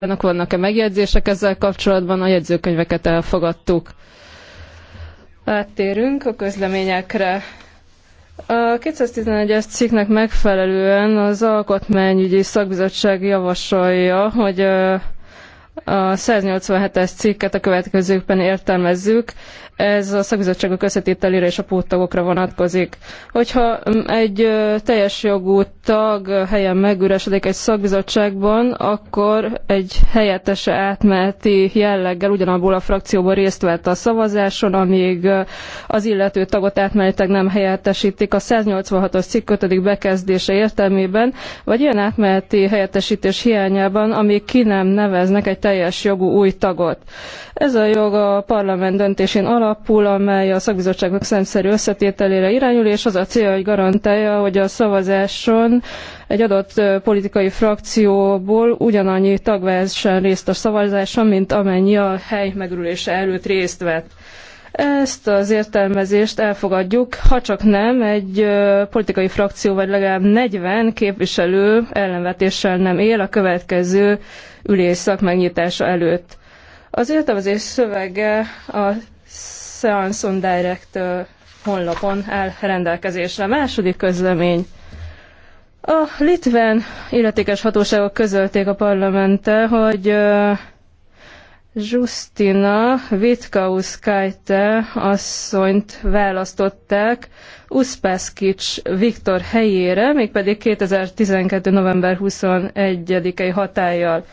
Önök vannak-e megjegyzések ezzel kapcsolatban? A jegyzőkönyveket elfogadtuk. Áttérünk a közleményekre. A 211-es cikknek megfelelően az Alkotmányügyi Szakbizottság javasolja, hogy a 187-es cikket a következőkben értelmezzük. Ez a szakbizottságok összetételére és a póttagokra vonatkozik. Hogyha egy teljes jogú tag helyen megüresedik egy szakbizottságban, akkor egy helyettese átmeneti jelleggel ugyanabból a frakcióban részt vett a szavazáson, amíg az illető tagot átmenetileg nem helyettesítik a 186-os cikk 5. bekezdése értelmében, vagy ilyen átmeneti helyettesítés hiányában, amíg ki nem neveznek egy teljes jogú új tagot. Ez a jog a parlament döntésén alapul, amely a szakbizottságnak szemszerű összetételére irányul, és az a célja, hogy garantálja, hogy a szavazáson egy adott politikai frakcióból ugyanannyi tag vehessen részt a szavazáson, mint amennyi a hely megürülése előtt részt vett. Ezt az értelmezést elfogadjuk, ha csak nem egy politikai frakció, vagy legalább 40 képviselő ellenvetéssel nem él a következő ülésszak megnyitása előtt. Az értelmezés szövege a Seance on Direct honlapon áll rendelkezésre. Második közlemény. A litván illetékes hatóságok közölték a parlamenttel, hogy Justina Witkauskaite asszonyt választották Uspaskic Viktor helyére, mégpedig 2012. november 21-i hatállyal.